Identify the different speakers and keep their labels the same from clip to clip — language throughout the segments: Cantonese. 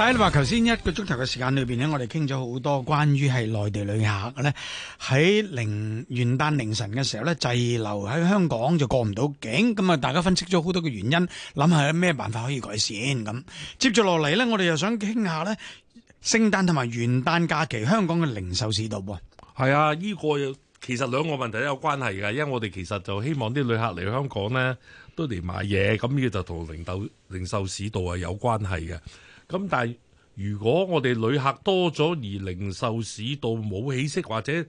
Speaker 1: 但係你話，頭先一個鐘頭嘅時間裏邊咧，我哋傾咗好多關於係內地旅客咧喺零元旦凌晨嘅時候咧滯留喺香港就過唔到境，咁啊大家分析咗好多嘅原因，諗下有咩辦法可以改善咁。接住落嚟咧，我哋又想傾下咧，聖誕同埋元旦假期香港嘅零售市道。係
Speaker 2: 啊，呢個其實兩個問題都有關係噶，因為我哋其實就希望啲旅客嚟香港咧都嚟買嘢，咁呢個就同零豆零售市道係有關係嘅。咁但係如果我哋旅客多咗，而零售市道冇起色，或者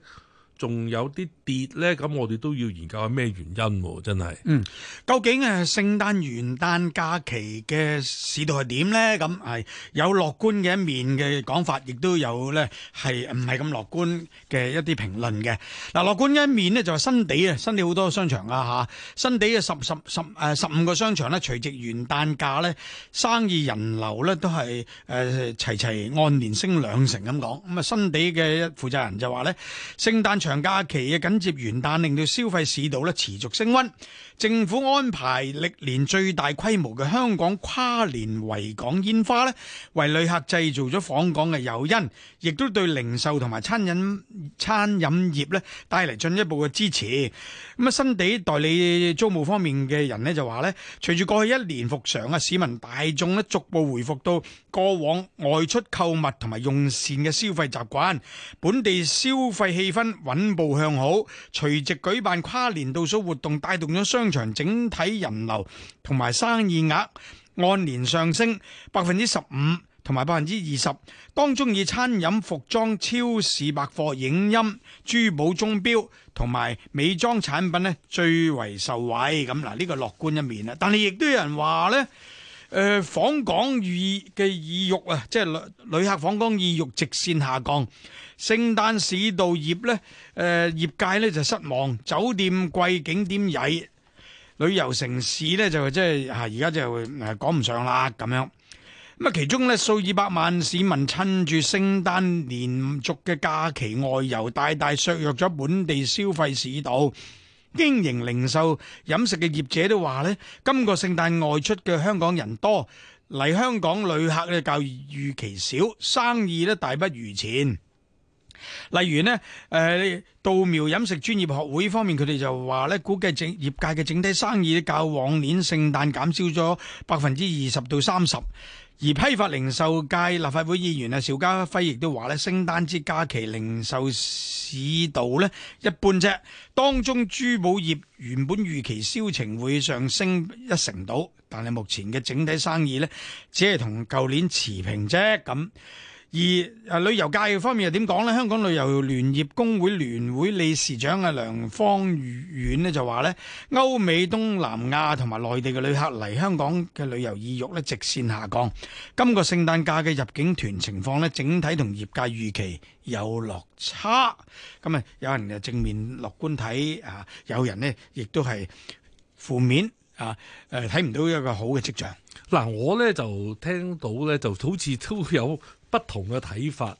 Speaker 1: 仲有啲跌咧，咁我哋都要研究下咩原因、啊、真係嗯，究竟誒聖誕元旦假期嘅市道係點咧？咁係有樂觀嘅一面嘅講法，亦都有咧係唔係咁樂觀嘅一啲評論嘅。嗱，樂觀一面咧就係、是、新地，新地啊，新地好多商場啊吓新地嘅十十十誒十五個商場咧，除夕元旦假咧生意人流咧都係誒齊齊按年升兩成咁講咁啊，新地嘅負責人就話咧聖誕場。長假期嘅緊接元旦，令到消費市道咧持續升温。政府安排歷年最大規模嘅香港跨年維港煙花咧，為旅客製造咗訪港嘅誘因，亦都對零售同埋餐飲餐飲業咧帶嚟進一步嘅支持。咁啊，新地代理租務方面嘅人呢就話咧，隨住過去一年復常啊，市民大眾咧逐步回復到過往外出購物同埋用膳嘅消費習慣，本地消費氣氛。穩步向好，隨即舉辦跨年倒數活動，帶動咗商場整體人流同埋生意額按年上升百分之十五同埋百分之二十，當中以餐飲、服裝、超市、百貨、影音、珠寶、鐘表同埋美妝產品呢，最為受惠。咁嗱，呢個樂觀一面啊，但係亦都有人話呢。誒、呃、訪港意嘅意欲啊，即係旅旅客訪港意欲直線下降。聖誕市道業咧，誒、呃、業界咧就失望，酒店貴景點曳，旅遊城市咧就即係嚇，而家就誒講唔上啦咁樣。咁啊，其中咧數以百萬市民趁住聖誕連續嘅假期外遊，大大削弱咗本地消費市道。經營零售飲食嘅業者都話呢，今個聖誕外出嘅香港人多，嚟香港旅客呢較預期少，生意都大不如前。例如呢，誒、呃，稻苗飲食專業學會方面，佢哋就話呢，估計整業界嘅整體生意咧，較往年聖誕減少咗百分之二十到三十。而批發零售界立法會議員啊，邵家輝亦都話咧，聖誕節假期零售市道呢一般啫。當中珠寶業原本預期銷情會上升一成度，但係目前嘅整體生意呢，只係同舊年持平啫咁。而誒旅遊界嘅方面又點講呢？香港旅遊聯業工會聯會理事長啊梁芳遠咧就話呢歐美、東南亞同埋內地嘅旅客嚟香港嘅旅遊意欲咧直線下降。今個聖誕假嘅入境團情況呢，整體同業界預期有落差。咁啊，有人就正面樂觀睇啊，有人呢亦都係負面啊誒睇唔到一個好嘅跡象。嗱，我呢就聽到呢，就好似
Speaker 2: 都有不同嘅睇法，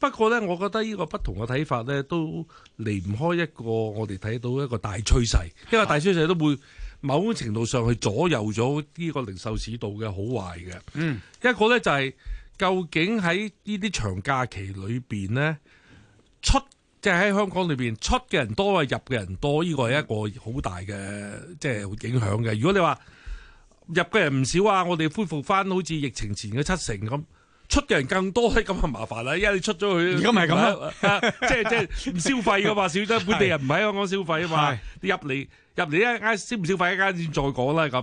Speaker 2: 不過呢，我覺得呢個不同嘅睇法呢，都離唔開一個我哋睇到一個大趨勢，因為大趨勢都會某程度上去左右咗呢個零售市道嘅好壞嘅。嗯，一個呢，就係、是、究竟喺呢啲長假期裏面呢，出，即係喺香港裏面出嘅人多啊，入嘅人多，呢、呢個係一個好大嘅即係影響嘅。如果你話入嘅人唔少啊，我哋恢復翻好似疫情前嘅七成咁。出嘅人更多，咁就麻煩啦，因為你出咗去，如果唔係咁咯，即係即係唔消費噶嘛，小得本地人唔喺香港消費啊嘛，入嚟入嚟一陣消唔消費啊，先再講啦咁。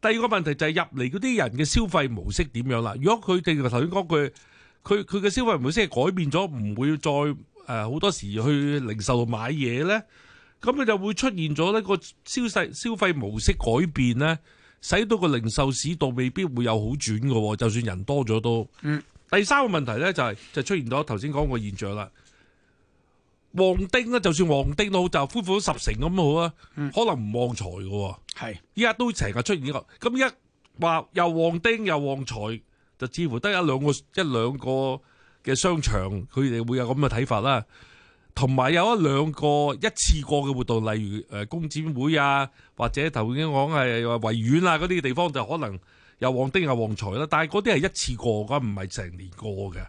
Speaker 2: 第二個問題就係入嚟嗰啲人嘅消費模式點樣啦？如果佢哋如頭先講句，佢佢嘅消費模式係改變咗，唔會再誒好多時，去零售買嘢咧，咁佢就會出現咗呢個消費消費模式改變咧。使到個零售市道未必會有好轉嘅，就算人多咗都、嗯。第三個問題咧就係、是、就出現咗頭先講個現象啦。旺丁咧，就算旺丁都好，就恢復咗十成咁都好啊、嗯。可能唔旺財嘅，係依家都成日出現呢個。咁一話又旺丁又旺財，就似乎得一兩個一兩個嘅商場，佢哋會有咁嘅睇法啦。同埋有一兩個一次過嘅活動，例如誒公展會啊，或者頭先講係話維園啊嗰啲地方，就可能又旺丁又旺財啦。但係嗰啲係一次過噶，唔係成年過嘅。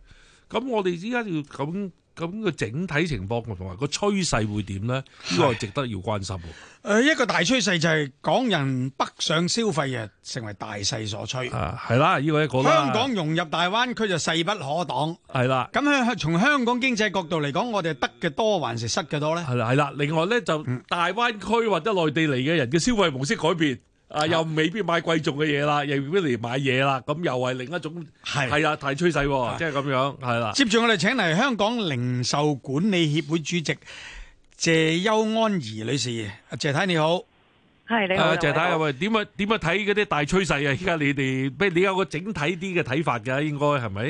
Speaker 2: 咁我哋依家要咁。咁個整體情況同埋個趨勢會點咧？呢、這個係值得要關心嘅、
Speaker 1: 呃。一個大趨勢就係港人北上消費啊，成為大勢所趨。啊，
Speaker 2: 係啦，呢、這個一個啦。香港
Speaker 1: 融入大灣區就勢不可擋。係啦。咁香從香港經濟角度嚟講，我哋得嘅多還是失嘅多咧？係啦，係啦。另外咧，就大灣區或者內地嚟嘅人嘅消費模式改變。
Speaker 2: 啊！又未必買貴重嘅嘢啦，又未必嚟買嘢啦。咁又係另一種係啊大趨
Speaker 1: 勢、啊，即係咁樣係啦。接住我哋請嚟香港零售管理協會主席謝邱安儀女士，謝太，太你好，係你好，呃、謝太啊喂，
Speaker 2: 點啊點樣睇嗰啲大趨勢啊？依家你哋俾你有個整體啲嘅睇法㗎、啊，應該係咪？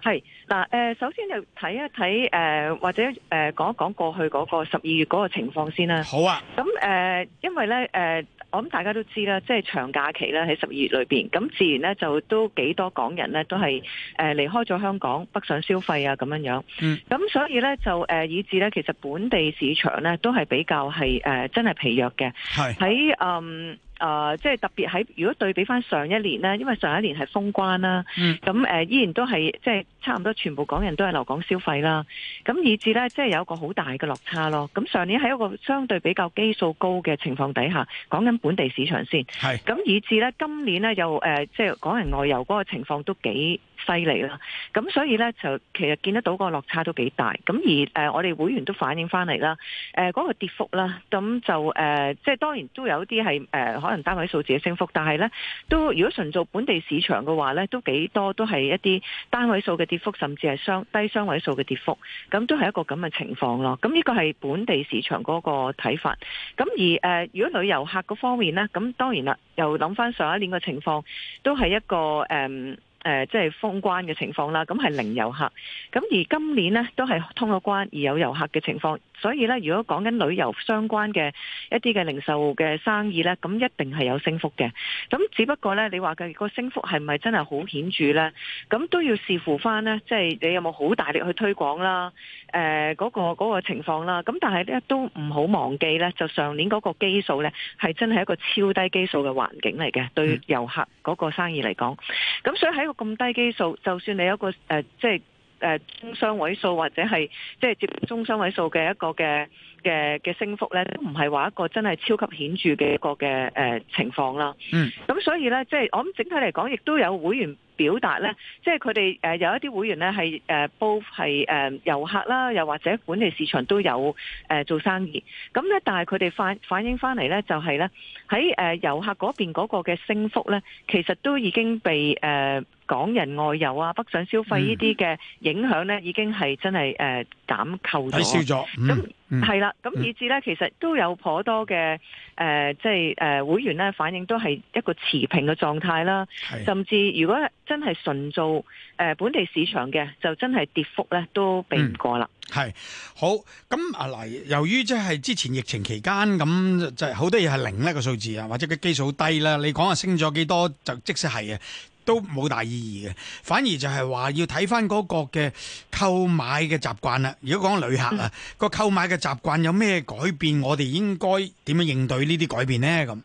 Speaker 2: 係
Speaker 3: 嗱，誒、呃、首先就睇一睇誒、呃，或者誒講一講過去嗰個十二月嗰個情況先啦。好啊，咁誒、呃，因為咧誒。呃我諗大家都知啦，即係長假期咧喺十二月裏邊，咁自然咧就都幾多港人咧都係誒離開咗香港北上消費啊咁樣樣，咁、嗯、所以咧就誒、呃、以至咧其實本地市場咧都係比較係誒、呃、真係疲弱嘅，喺嗯。啊、呃，即係特別喺如果對比翻上一年呢，因為上一年係封關啦，咁、嗯、誒、呃、依然都係即係差唔多全部港人都係留港消費啦，咁以至呢，即係有個好大嘅落差咯。咁上年喺一個相對比較基數高嘅情況底下，講緊本地市場先，係咁以至呢，今年呢，又、呃、誒即係港人外遊嗰個情況都幾犀利啦，咁所以呢，就其實見得到個落差都幾大，咁而誒、呃、我哋會員都反映返嚟啦，誒、呃、嗰、那個跌幅啦，咁就誒、呃、即係當然都有啲係誒可能單位數字嘅升幅，但係呢，都如果純做本地市場嘅話呢都幾多都係一啲單位數嘅跌幅，甚至係雙低雙位數嘅跌幅，咁都係一個咁嘅情況咯。咁呢個係本地市場嗰個睇法，咁而誒、呃、如果旅遊客嗰方面呢，咁當然啦，又諗翻上一年嘅情況，都係一個誒。呃誒，即係封關嘅情況啦，咁係零遊客。咁而今年呢，都係通咗關而有遊客嘅情況。所以呢，如果講緊旅遊相關嘅一啲嘅零售嘅生意呢，咁一定係有升幅嘅。咁只不過呢，你話佢個升幅係咪真係好顯著呢？咁都要視乎翻呢，即係你有冇好大力去推廣啦。誒，嗰個嗰個情況啦。咁但係呢，都唔好忘記呢，就上年嗰個基數呢，係真係一個超低基數嘅環境嚟嘅，對遊客嗰個生意嚟講。咁，嗯，所以喺咁低基數，就算你有一個誒，即係誒中雙位數或者係即係接中雙位數嘅一個嘅，嘅嘅升幅咧，都唔係話一個真係超級顯著嘅一個嘅誒情況啦。嗯，咁所以咧，即係我諗整體嚟講，亦都有會員表達咧，即係佢哋誒有一啲會員咧係誒報係誒遊客啦，又或者本地市場都有誒做生意。咁咧，但係佢哋反反映翻嚟咧，就係咧喺誒遊客嗰邊嗰個嘅升幅咧，其實都已經被誒港人外遊啊、北上消費呢啲嘅影響咧，已經係真係誒減扣咗，抵消咗
Speaker 1: 咁。嗯係、嗯、
Speaker 3: 啦，咁以至咧，其實都有頗多嘅即係誒會員咧反應都係一個持平嘅狀態啦。甚至如果真係純做誒本地市場嘅，就真係跌幅咧都避唔
Speaker 1: 過啦。係、嗯、好咁啊！嗱，由於即係之前疫情期間咁，就好多嘢係零一、呢個數字啊，或者個基數低啦。你講下升咗幾多就即使係啊。都冇大意義嘅，反而就係話要睇翻嗰個嘅購買嘅習慣啦。如果講旅客啊，嗯，嗰個購買嘅習慣有咩改變，我哋應該點樣應對呢啲改變呢？咁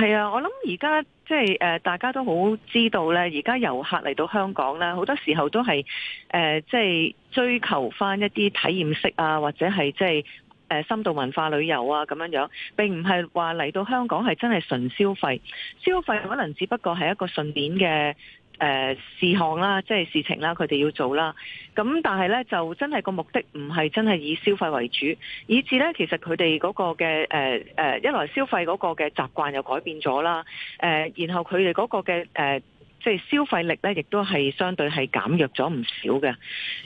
Speaker 3: 係啊，我諗而家即係誒，大家都好知道呢。而家遊客嚟到香港咧，好多時候都係誒，即係追求翻一啲體驗式啊，或者係即係。深度文化旅遊啊，咁樣樣並唔係話嚟到香港係真係純消費，消費可能只不過係一個順便嘅誒、呃、事項啦，即係事情啦，佢哋要做啦。咁但係呢，就真係個目的唔係真係以消費為主，以至呢，其實佢哋嗰個嘅誒、呃呃、一來消費嗰個嘅習慣又改變咗啦，誒、呃、然後佢哋嗰個嘅誒。呃即、就、係、是、消費力咧，亦都係相對係減弱咗唔少嘅。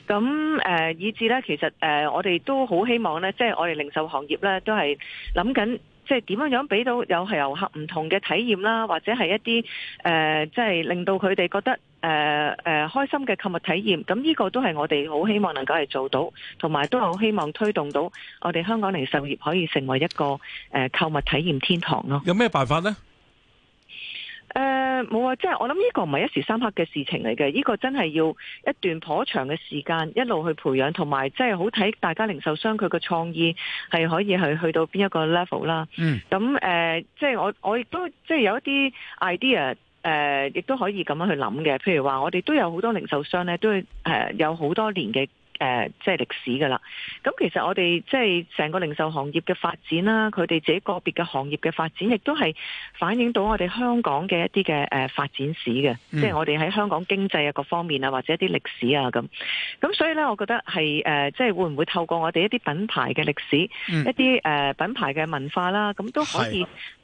Speaker 3: 咁誒、呃，以至咧，其實誒、呃，我哋都好希望咧，即、就、係、是、我哋零售行業咧，都係諗緊，即係點樣樣俾到有係遊客唔同嘅體驗啦，或者係一啲誒，即、呃、係、就是、令到佢哋覺得誒誒、呃呃、開心嘅購物體驗。咁呢個都係我哋好希望能夠係做到，同埋都好希望推動到我哋香港零售業可以成為一個誒購、呃、物體驗天堂咯、哦。有
Speaker 2: 咩辦法呢？誒、呃，冇啊！即係我諗呢
Speaker 3: 個唔係一時三刻嘅事情嚟嘅，呢、這個真係要一段頗長嘅時間一路去培養，同埋即係好睇大家零售商佢個創意係可以係去到邊一個 level 啦。嗯，咁誒、呃，即係我我亦都即係有一啲 idea，誒、呃，亦都可以咁樣去諗嘅。譬如話我哋都有好多零售商咧，都誒有好多年嘅。誒、呃，即係歷史㗎喇。咁其實我哋即係成個零售行業嘅發展啦，佢哋自己個別嘅行業嘅發展，亦都係反映到我哋香港嘅一啲嘅誒發展史嘅、嗯。即係我哋喺香港經濟啊，各方面啊，或者一啲歷史啊，咁。咁所以咧，我覺得係誒、呃，即係會唔會透過我哋一啲品牌嘅歷史，嗯、一啲誒、呃、品牌嘅文化啦，咁都可以。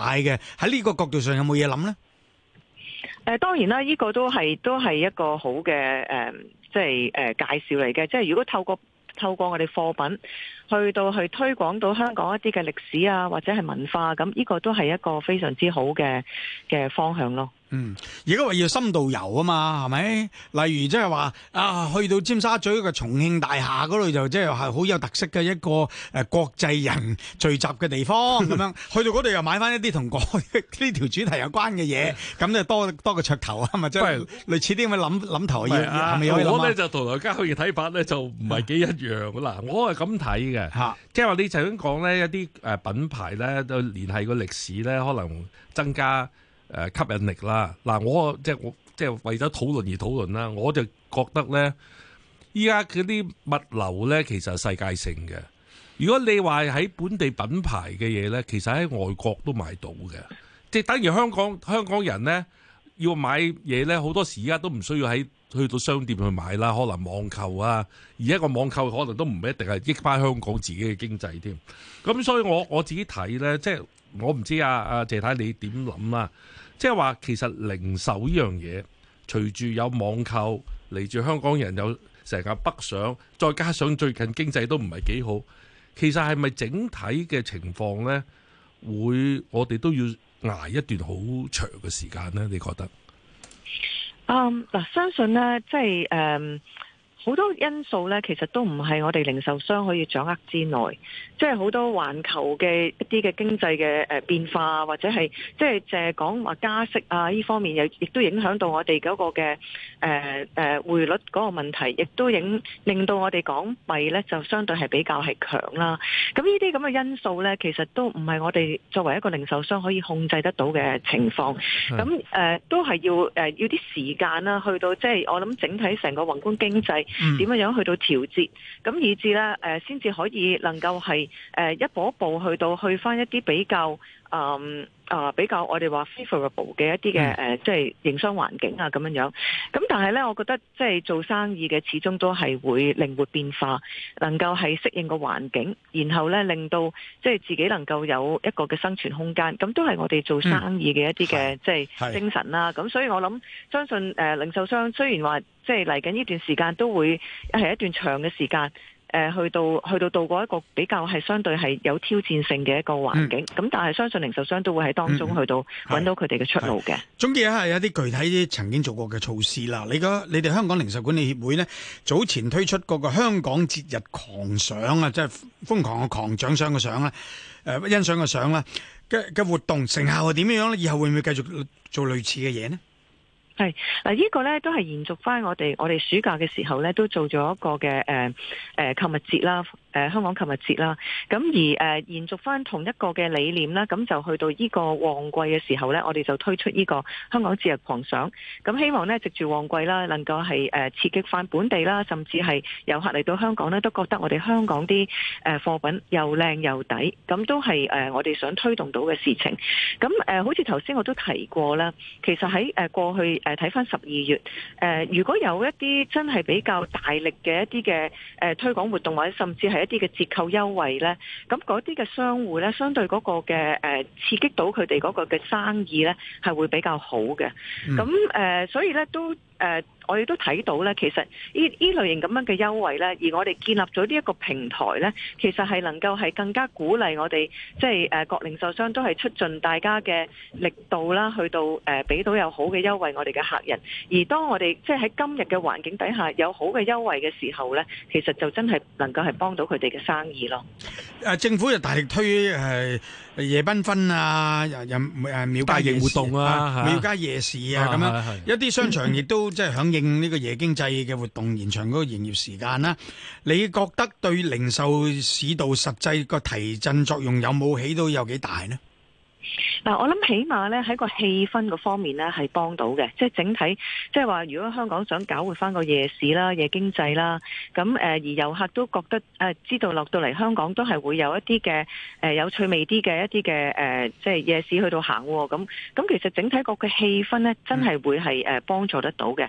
Speaker 1: 買嘅喺呢個角度上有冇嘢諗呢？誒、
Speaker 3: 呃，當然啦，呢、這個都係都係一個好嘅誒、呃，即係誒、呃、介紹嚟嘅。即係如果透過透過我哋貨品去到去推廣到香港一啲嘅歷史啊，或者係文化，咁呢個都係一個非常之好嘅嘅方向咯。
Speaker 1: 嗯，而家話要深度遊啊嘛，係咪？例如即係話啊，去到尖沙咀個重慶大廈嗰度就即係係好有特色嘅一個誒國際人聚集嘅地方咁樣、嗯，去到嗰度又買翻一啲同呢條主題有關嘅嘢，咁、嗯、就多多個噱頭啊，嘛。即係類似啲咁嘅諗諗頭嘢啊。我咧
Speaker 2: 就同大家去嘅睇法咧就唔係幾一樣啦、啊。我係咁睇嘅，即係話你想講咧一啲誒品牌咧都聯繫個歷史咧，可能增加。誒吸引力啦！嗱，我即係即係為咗討論而討論啦。我就覺得咧，依家嗰啲物流咧，其實係世界性嘅。如果你話喺本地品牌嘅嘢咧，其實喺外國都買到嘅。即係等於香港香港人咧，要買嘢咧，好多時而家都唔需要喺去到商店去買啦，可能網購啊。而家個網購可能都唔一定係益翻香港自己嘅經濟添。咁所以我我自己睇咧，即係我唔知啊，阿謝太，太你點諗啊！即係話，其實零售呢樣嘢，隨住有網購，嚟住香港人有成日北上，再加上最近經濟都唔係幾好，其實係咪整體嘅情況呢？會我哋都要捱一段好長嘅時間呢？你覺得？
Speaker 3: 嗯，嗱，相信呢，即、就、係、是 um 好多因素咧，其實都唔係我哋零售商可以掌握之內，即係好多環球嘅一啲嘅經濟嘅誒變化，或者係即係誒講話加息啊呢方面，又亦都影響到我哋嗰個嘅誒誒匯率嗰個問題，亦都影令到我哋港幣咧就相對係比較係強啦。咁呢啲咁嘅因素咧，其實都唔係我哋作為一個零售商可以控制得到嘅情況。咁誒、呃、都係要誒、呃、要啲時間啦，去到即係、就是、我諗整體成個宏觀經濟。點樣樣去到調節？咁以至咧誒，先至可以能夠係誒一步一步去到去翻一啲比較。嗯、呃、比較我哋話 favorable 嘅一啲嘅即係營商環境啊咁樣樣。咁但係呢，我覺得即係、就是、做生意嘅，始終都係會靈活變化，能夠係適應個環境，然後呢令到即係、就是、自己能夠有一個嘅生存空間。咁都係我哋做生意嘅一啲嘅即係精神啦、啊。咁所以我諗，相信誒、呃、零售商雖然話即係嚟緊呢段時間都會係一段長嘅時間。誒，去到去到度過一個比較係相對係有挑戰性嘅一個環境，咁但係相信零售商都會喺當中去到揾到佢哋嘅出路嘅。
Speaker 1: 總結一下係有啲具體啲曾經做過嘅措施啦。你嘅你哋香港零售管理協會呢，早前推出嗰個香港節日狂賞啊，即係瘋狂嘅狂獎賞嘅賞啦，誒欣賞嘅賞啦嘅嘅活動成效係點樣呢？以後會唔會繼續做類似嘅嘢呢？
Speaker 3: 係嗱，這個、呢個咧都係延續翻我哋我哋暑假嘅時候咧，都做咗一個嘅誒誒購物節啦。誒香港購物節啦，咁而誒延續翻同一個嘅理念啦，咁就去到呢個旺季嘅時候呢，我哋就推出呢個香港節日狂想，咁希望呢，藉住旺季啦，能夠係誒刺激翻本地啦，甚至係遊客嚟到香港呢，都覺得我哋香港啲誒貨品又靚又抵，咁都係誒我哋想推動到嘅事情。咁誒好似頭先我都提過啦，其實喺誒過去誒睇翻十二月誒，如果有一啲真係比較大力嘅一啲嘅誒推廣活動或者甚至係一啲嘅折扣優惠咧，咁嗰啲嘅商戶咧，相對嗰個嘅誒刺激到佢哋嗰個嘅生意咧，係會比較好嘅。咁誒，所以咧都。誒、呃，我哋都睇到咧，其實呢呢類型咁樣嘅優惠呢，而我哋建立咗呢一個平台呢，其實係能夠係更加鼓勵我哋，即係誒、呃、各零售商都係出盡大家嘅力度啦，去到誒俾、呃、到有好嘅優惠我哋嘅客人。而當我哋即係喺今日嘅環境底下有好嘅優惠嘅時候呢，其實就真係能夠係幫到佢哋嘅生意
Speaker 1: 咯、啊。政府就大力推係，夜繽紛啊，又又誒廟街夜市啊，廟街、啊啊啊，夜市啊咁，啊、樣，啊啊樣啊啊，一啲商場亦都即係響應呢個夜經濟嘅活動， 延長嗰個營業時間啦、啊。你覺得對零售市道實際個提振作用有冇起到有幾大呢？
Speaker 3: 嗱，我諗起碼咧喺個氣氛嗰方面咧係幫到嘅，即係整體，即係話如果香港想搞活翻個夜市啦、夜經濟啦，咁誒而遊客都覺得誒知道落到嚟香港都係會有一啲嘅誒有趣味啲嘅一啲嘅誒，即係夜市去到行，咁咁其實整體個嘅氣氛咧真係會係誒幫助得到嘅，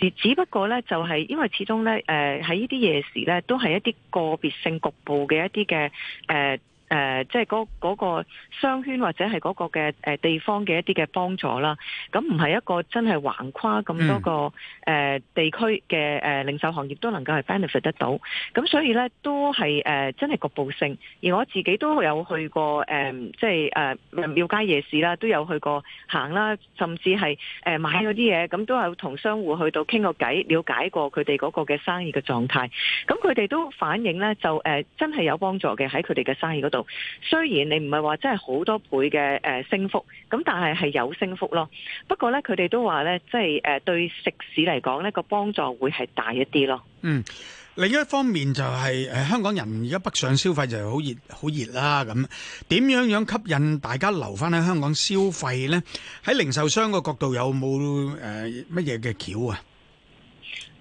Speaker 3: 而只不過咧就係因為始終咧誒喺呢啲夜市咧都係一啲個別性局部嘅一啲嘅誒。誒、呃，即係嗰嗰商圈或者係嗰嘅地方嘅一啲嘅幫助啦。咁唔係一個真係橫跨咁多個誒、mm. 呃、地區嘅誒零售行業都能夠係 benefit 得到。咁所以咧都係誒、呃、真係局部性。而我自己都有去過誒、呃，即係誒、呃、廟街夜市啦，都有去過行啦，甚至係、呃、買買嗰啲嘢，咁都有同商戶去到傾個偈，了解過佢哋嗰嘅生意嘅狀態，咁佢哋都反映咧，就誒、呃、真係有幫助嘅喺佢哋嘅生意嗰度。雖然你唔係話真係好多倍嘅誒升幅，咁但係係有升幅咯。不過呢，佢哋都話呢，即係誒對食肆嚟講呢個幫助會係大一啲咯。嗯，
Speaker 1: 另一方面就係、是、誒、呃、香港人而家北上消費就好熱好熱啦。咁點樣樣吸引大家留翻喺香港消費呢？喺零售商個角度有冇誒乜嘢嘅橋啊？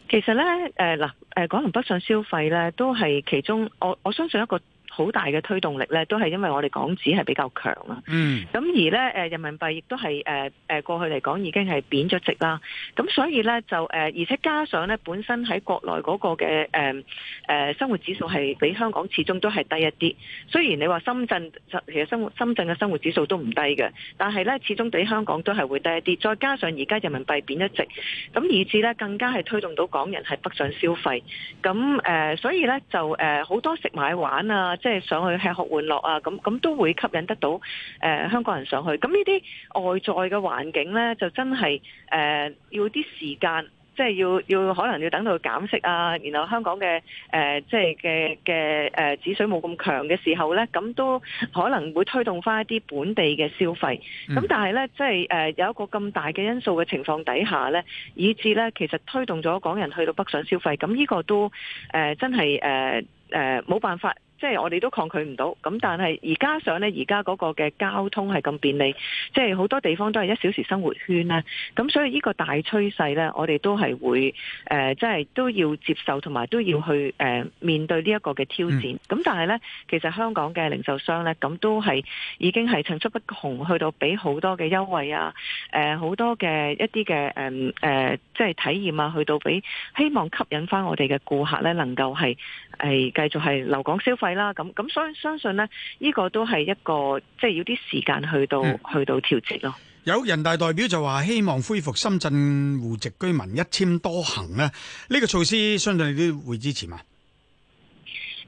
Speaker 3: 其實呢，誒嗱誒，講、呃、到北上消費呢都係其中我我相信一個。好大嘅推動力呢都係因為我哋港紙係比較強啦。咁、嗯、而呢誒人民幣亦都係誒誒過去嚟講已經係貶咗值啦。咁所以呢，就誒，而且加上呢本身喺國內嗰個嘅誒誒生活指數係比香港始終都係低一啲。雖然你話深圳其實深深圳嘅生活指數都唔低嘅，但係呢始終比香港都係會低一啲。再加上而家人民幣貶咗值，咁以至呢更加係推動到港人係北上消費。咁誒，所以呢，就誒呃、好多食買玩啊，即係上去吃喝玩樂啊，咁咁都會吸引得到誒、呃、香港人上去。咁呢啲外在嘅環境呢，就真係誒、呃、要啲時間，即係要要可能要等到減息啊，然後香港嘅誒、呃、即係嘅嘅誒紙水冇咁強嘅時候呢，咁都可能會推動翻一啲本地嘅消費。咁但係呢，即係誒、呃、有一個咁大嘅因素嘅情況底下呢，以至呢其實推動咗港人去到北上消費。咁呢個都誒、呃、真係誒誒冇辦法。即、就、係、是、我哋都抗拒唔到，咁但係而加上咧，而家嗰個嘅交通係咁便利，即係好多地方都係一小時生活圈啦。咁所以呢個大趨勢咧，我哋都係會誒即係都要接受同埋都要去誒、呃、面對呢一個嘅挑戰，咁、嗯、但係咧，其實香港嘅零售商咧，咁都係已經係層出不窮去到俾好多嘅優惠啊，誒好多嘅一啲嘅誒誒即係體驗啊，去到俾、呃呃就是、希望吸引翻我哋嘅顧客咧，能夠係係繼續係留港消費。係啦，咁咁所以相信咧，呢個都係一個即係要啲時間去到去到調節咯。
Speaker 1: 有人大代表就話希望恢復深圳戶籍居民一簽多行咧，呢、這個措施相信你都會支持嘛？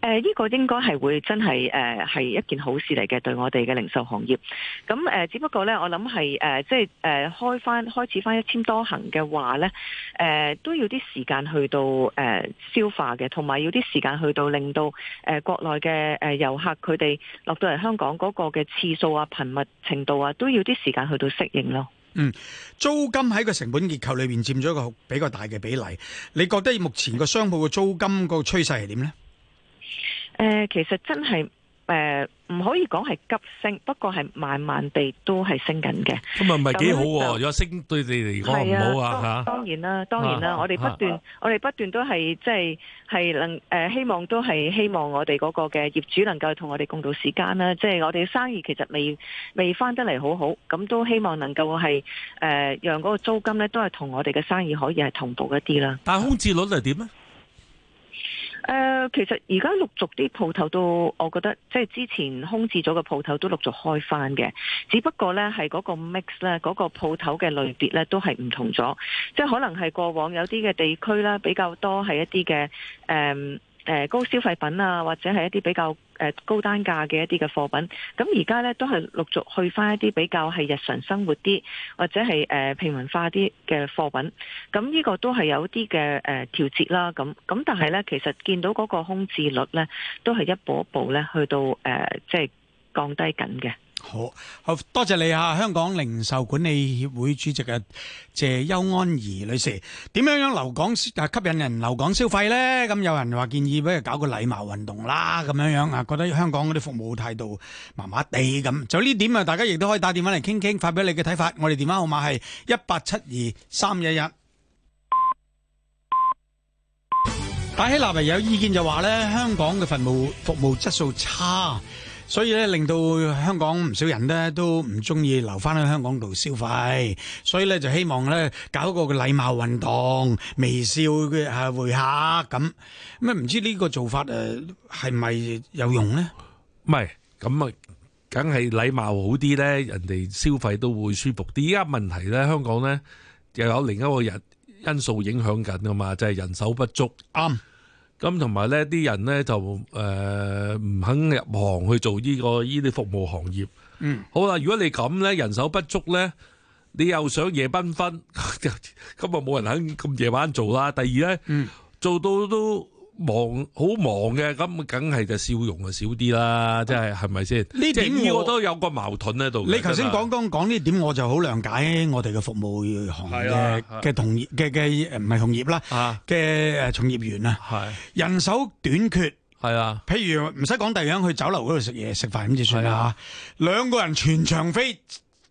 Speaker 3: 誒、呃，呢、這個應該係會真係誒係一件好事嚟嘅，對我哋嘅零售行業咁誒、呃。只不過呢，我諗係誒，即係誒開翻開始翻一千多行嘅話呢誒、呃、都要啲時間去到誒、呃、消化嘅，同埋要啲時間去到令到誒、呃、國內嘅誒、呃、遊客佢哋落到嚟香港嗰個嘅次數啊、頻密程度啊，都要啲時間去到適
Speaker 1: 應咯。嗯，租金喺個成本結構裏面佔咗一個比較大嘅比例，你覺得目前個商鋪嘅租金個趨勢係點呢？
Speaker 3: 誒、呃，其實真係誒，唔、呃、可以講係急升，不過係慢慢地都係升緊嘅。
Speaker 2: 咁啊，唔係幾好，有升對你嚟講唔好啊吓、啊？當
Speaker 3: 然啦、啊，當然啦、啊，我哋不斷，啊、我哋不斷都係即係係能誒、呃，希望都係希望我哋嗰個嘅業主能夠同我哋共度時間啦。即、就、係、是、我哋嘅生意其實未未翻得嚟好好，咁都希望能夠係誒、呃，讓嗰個租金咧都係同我哋嘅生意可以係同步一啲啦。
Speaker 2: 但空置率係點咧？
Speaker 3: 誒、呃，其實而家陸續啲鋪頭都，我覺得即係之前空置咗個鋪頭都陸續開翻嘅，只不過呢係嗰個 mix 呢，嗰、嗰個鋪頭嘅類別呢都係唔同咗，即係可能係過往有啲嘅地區啦，比較多係一啲嘅誒。嗯誒，高消費品啊，或者係一啲比較誒高單價嘅一啲嘅貨品，咁而家咧都係陸續去翻一啲比較係日常生活啲，或者係誒平民化啲嘅貨品，咁呢個都係有啲嘅誒調節啦，咁咁但係咧，其實見到嗰個空置率咧，都係一步一步咧去到誒，即係降低緊嘅。
Speaker 1: 好，多謝你啊！香港零售管理協會主席嘅謝邱安儀女士，點樣樣留港吸引人流港消費呢？咁有人話建議，俾佢搞個禮貌運動啦，咁樣樣啊？覺得香港啲服務態度麻麻地咁。就呢點啊，大家亦都可以打電話嚟傾傾，發俾你嘅睇法。我哋電話號碼係一八七二三一一。打起嚟有意見就話呢，香港嘅服務服務質素差。所以咧，令到香港唔少人咧都唔中意留翻喺香港度消費，所以咧就希望咧搞個禮貌運動，微笑嘅會客咁。咁啊，唔知呢個做法誒係咪有用咧？
Speaker 2: 唔係，咁啊，梗係禮貌好啲咧，人哋消費都會舒服啲。而家問題咧，香港咧又有另一個人因素影響緊噶嘛，就係人手不足。啱。咁同埋咧，啲人咧就誒唔、呃、唔肯入行去做呢個呢啲服務行業。嗯，好啦，如果你咁咧，人手不足咧，你又想夜繽紛，今日冇人肯咁夜晚做啦。第二咧、嗯，做到都，忙好忙嘅，咁梗係就笑容就少啲啦，即係係咪先？呢點我都有個矛盾喺度。你頭先講
Speaker 1: 剛講呢點，我就好諒解我哋嘅服務業行業嘅嘅同嘅嘅唔係同業啦，嘅誒從業員啊，人手短缺係啊，譬如唔使講第二樣，去酒樓嗰度食嘢食飯咁就算啦，兩個人全場飛。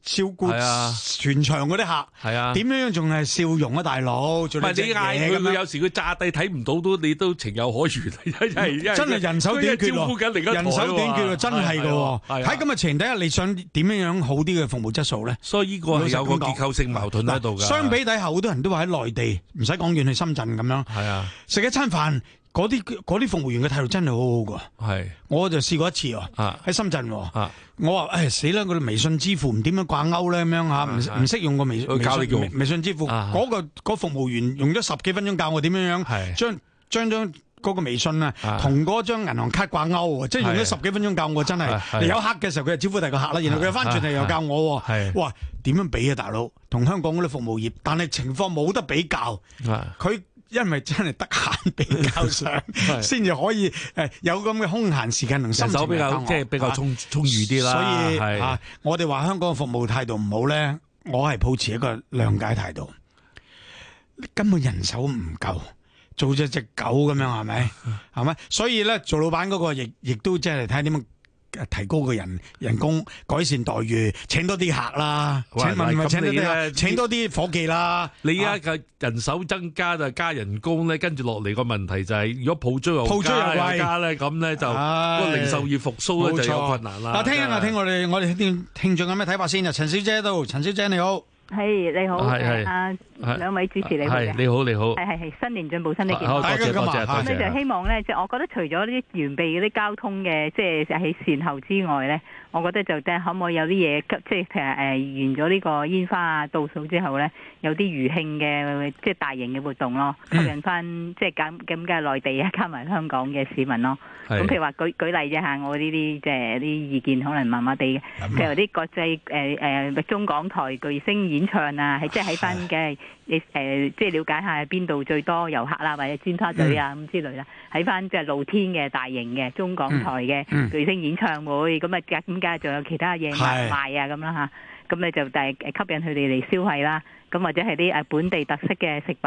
Speaker 1: 照顧全場嗰啲客，點樣仲係笑容啊，大佬！唔係你嗌佢，有
Speaker 2: 時佢炸低睇唔到都，你都情有可原。真係、啊、人手短缺人手短缺，真係噶喎！
Speaker 1: 喺咁嘅情底下，你想點樣好啲嘅服務質素咧？所以呢個有個結構性矛盾喺度噶。相比底下好多人都話喺內地，唔使講遠去深圳咁樣，食一餐飯。嗰啲嗰啲服務員嘅態度真係好好㗎，係，我就試過一次喎，喺、啊、深圳，啊、我話誒死啦，佢、哎、哋微信支付唔點樣掛鈎咧，咁樣吓，唔唔識用個微，微信，教你用微信支付，嗰、啊嗰個嗰、嗰個、服務員用咗十幾分鐘教我點樣樣，係，將將嗰個微信啊，同嗰張銀行卡掛鈎啊，即係用咗十幾分鐘教我，真係，有客嘅時候佢就招呼第二個客啦、啊，然後佢又翻轉頭又教我，係、啊，哇，點樣俾啊大佬，同香港嗰啲服務業，但係情況冇得比較，佢、啊。因為真係得閒比較上，先 至可以誒有咁嘅空閒時間同心情，人手比較比較啊，即係比較充充裕啲啦。所以，係、啊、我哋話香港服務態度唔好咧，我係抱持一個諒解態度、嗯。根本人手唔夠，做咗隻狗咁樣係咪？係咪？ 所以咧，做老闆嗰個亦亦都即係睇點樣。誒，提高個人人工，改善待遇，請多啲客啦，請問咪請多啲，請多啲伙計啦。
Speaker 2: 你而家嘅人手增加就加人工咧，跟住落嚟個問題就係，如果鋪租又加咧，咁咧就個零售業
Speaker 1: 復蘇咧就有困難啦。嗱，聽下聽我哋我哋啲聽眾有咩睇法先啊？陳小姐到，陳小姐你好，
Speaker 4: 係你好，啊。係兩位主持你嘅。你好，你好。係係係，新年進步，新年健康多謝。咁就希望咧，即係我覺得除咗啲完備嗰啲交通嘅，即係起善後之外咧，我覺得就即係可唔可以有啲嘢，即係誒誒完咗呢個煙花啊倒數之後咧，有啲餘慶嘅，即係大型嘅活動咯，吸引翻即係加咁嘅係內地啊，加埋香港嘅市民咯。咁譬如話舉舉例啫嚇，我呢啲即係啲意見可能麻麻地嘅，譬如啲國際誒誒中港台巨星演唱啊，係即係喺翻嘅。 你誒、呃、即係了解一下邊度最多遊客啦，或者尖沙咀啊咁、嗯、之類啦，喺翻即係露天嘅大型嘅中港台嘅巨星演唱會，咁啊加咁加仲有其他嘢賣啊咁啦吓。咁你就第吸引佢哋嚟消費啦，咁、啊、或者係啲誒本地特色嘅食品，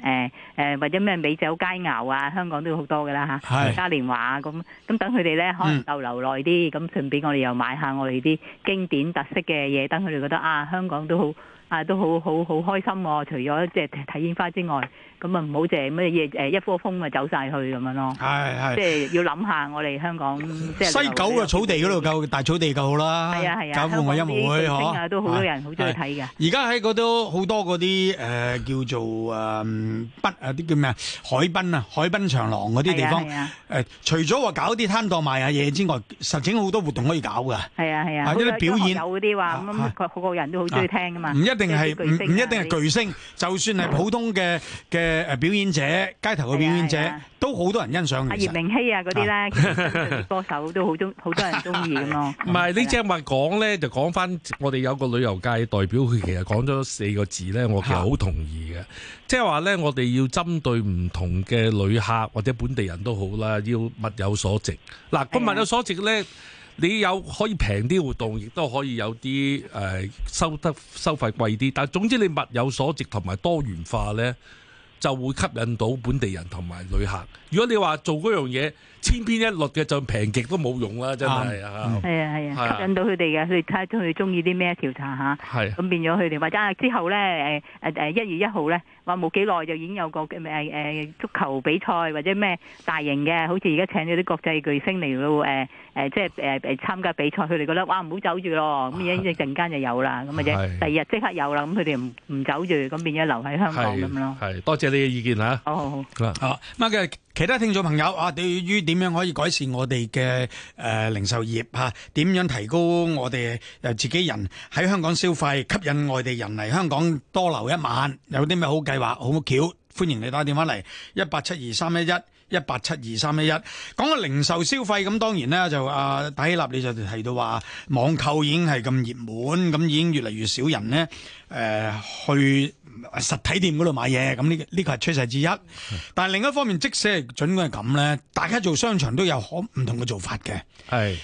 Speaker 4: 誒、呃、誒、呃、或者咩美酒佳肴啊、嗯、啊，香港都好多噶啦吓，嘉年華咁咁等佢哋咧可能逗留耐啲，咁順便我哋又買下我哋啲經典特色嘅嘢，等佢哋覺得啊香港都好。啊，都好好好開心喎！除咗即係睇煙花之外，咁啊唔好淨係乜嘢誒一窩蜂啊走曬去咁樣咯。係係，即係要諗下我哋香港即係西
Speaker 1: 九嘅草地嗰度夠大，草地夠好啦。係啊係啊，搞戶外音樂會嗬，都好多人好中意睇嘅。而家喺嗰度好多嗰啲誒叫做誒濱啊啲叫咩啊？海濱啊海濱長廊嗰啲地方誒，除咗話搞啲攤檔賣下嘢之外，實整好多活動可以搞嘅。
Speaker 4: 係啊係啊，啲表演有嗰啲話咁樣個個人都好中意聽噶嘛。唔一定係唔唔一定係巨
Speaker 1: 星，就算係普通嘅嘅誒表演者、街頭嘅表演者，都好多人欣賞嘅。葉
Speaker 4: 明熙啊嗰啲咧，其實歌手都好中，好多人中
Speaker 2: 意咁咯。唔係呢，即係話講咧，就講翻我哋有個旅遊界代表，佢其實講咗四個字咧，我其實好同意嘅，即係話咧，我哋要針對唔同嘅旅客或者本地人都好啦，要物有所值。嗱，個物有所值咧。你有可以平啲活動，亦都可以有啲、呃、收得收費貴啲，但總之你物有所值同埋多元化呢，就會吸引到本地人同埋旅客。如果你話做嗰樣嘢，千篇一律嘅就平極都冇用啦，真係啊！係啊係啊，吸引
Speaker 4: 到佢哋嘅，去睇下佢中意啲咩調查嚇。係咁變咗佢哋，或者之後咧誒誒誒一月一號咧，話冇幾耐就已經有個誒誒足球比賽或者咩大型嘅，好似而家請咗啲國際巨星嚟到誒誒即係誒誒參加比賽，佢哋覺得哇唔好走住咯，咁而家一陣間就有啦，咁啊啫。第二日即刻有啦，咁佢哋唔唔走住，咁變咗留喺香港咁
Speaker 1: 咯。係多謝你嘅意見嚇。好好啊，咁啊嘅其他聽眾朋友啊，對於，點樣可以改善我哋嘅零售業啊？點樣提高我哋自己人喺香港消費，吸引外地人嚟香港多留一晚？有啲咩好計劃、好橋，歡迎你打電話嚟一八七二三一一一八七二三一一。講到零售消費咁，當然呢，就啊戴希立你就提到話網購已經係咁熱門，咁已經越嚟越少人呢。誒、呃、去實體店嗰度買嘢，咁呢？呢個係趨勢之一。但另一方面，即使係準係咁咧，大家做商場都有唔同嘅做法嘅。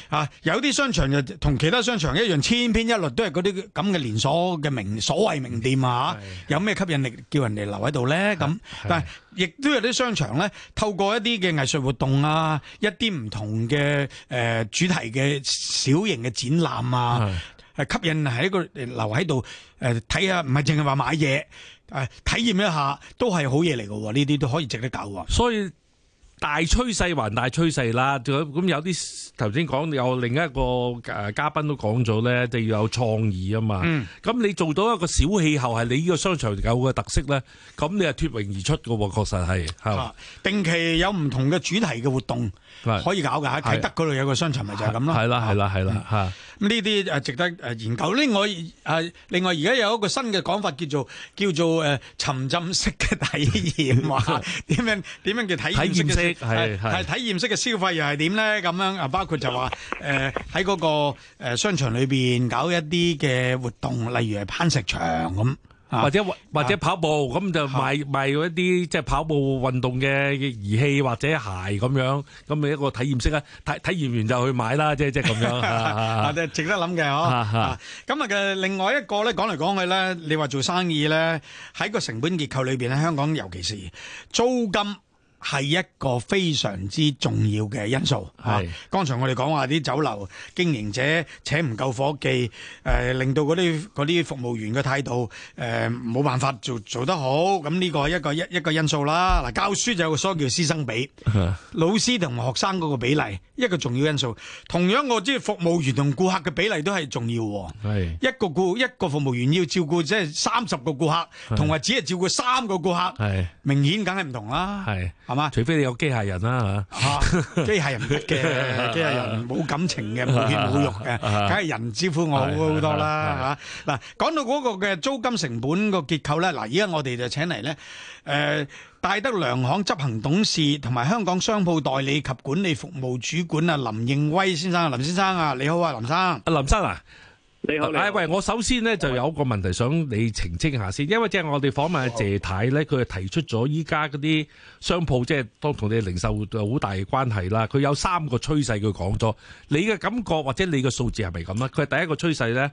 Speaker 1: 啊，有啲商場就同其他商場一樣，千篇一律，都係嗰啲咁嘅連鎖嘅名所謂名店啊。有咩吸引力叫人哋留喺度咧？咁，但亦都有啲商場咧，透過一啲嘅藝術活動啊，一啲唔同嘅、呃、主題嘅小型嘅展覽啊。係吸引係一個留喺度誒睇下，唔係淨係話買嘢誒、呃、體驗一下，都係好嘢嚟嘅喎。呢啲都可以值得搞喎。所以大趨勢還大趨勢啦。咁咁有啲頭先
Speaker 2: 講有另一個誒、呃、嘉賓都講咗咧，就要有創意啊嘛。咁、嗯、你做到一個小氣候係你呢個商場有嘅特色咧，咁你就脫穎而出嘅喎，確實係
Speaker 1: 係、啊、定期有唔同嘅主題嘅活動。可以搞嘅。喺啟德嗰度有個商場咪就係咁咯，係啦係
Speaker 2: 啦係啦吓。
Speaker 1: 咁呢啲誒值得誒研究。另外誒，另外而家有一個新嘅講法叫做叫做誒沉浸式嘅體驗，話點樣點樣叫體驗式係係。係體驗式嘅消費又係點咧？咁樣啊，包括就話誒喺嗰個誒商場裏邊搞一啲嘅活動，例如係攀石牆，咁。或者或者跑步咁，啊、就賣，啊、賣一啲即係跑步運
Speaker 2: 動嘅儀器或者鞋咁樣，咁咪一個體驗式咧，體體驗完就去買
Speaker 1: 啦，即係即係咁樣 啊，即、啊、值得諗嘅嗬。咁啊嘅，啊啊、另外一個咧，講嚟講去咧，你話做生意咧喺個成本結構裏邊咧，香港尤其是租金。係一個非常之重要嘅因素。係剛才我哋講話啲酒樓經營者請唔夠伙計，誒令到嗰啲嗰啲服務員嘅態度，誒冇辦法做做得好，咁呢個係一個一一個因素啦。嗱教書就有個所謂叫師生比，老師同埋學生嗰個比例，一個重要因素。同樣我即係服務員同顧客嘅比例都係重要。係一個顧一個服務員要照顧即係三十個顧客，同埋只係照顧三個顧客，係明顯梗係唔同啦。
Speaker 2: 係。係嘛？除非你有機械人啦
Speaker 1: 嚇，機械人唔得嘅，機械人冇感情嘅，冇血冇肉嘅，梗係人招呼我好好多啦嚇。嗱，講到嗰個嘅租金成本個結構咧，嗱，依家我哋就請嚟咧，誒，戴德梁行執行董事同埋香港商鋪代理及管理服務主管啊，林應威先生啊，林先生啊，你好啊，林生，林生啊。哎喂，我首先呢，就有一個問題
Speaker 2: 想你澄清下先，因為即係我哋訪問阿謝太呢，佢提出咗依家嗰啲商鋪，即係當同你哋零售好大嘅關係啦。佢有三個趨勢，佢講咗，你嘅感覺或者你嘅數字係咪咁呢？佢係第一個趨勢呢，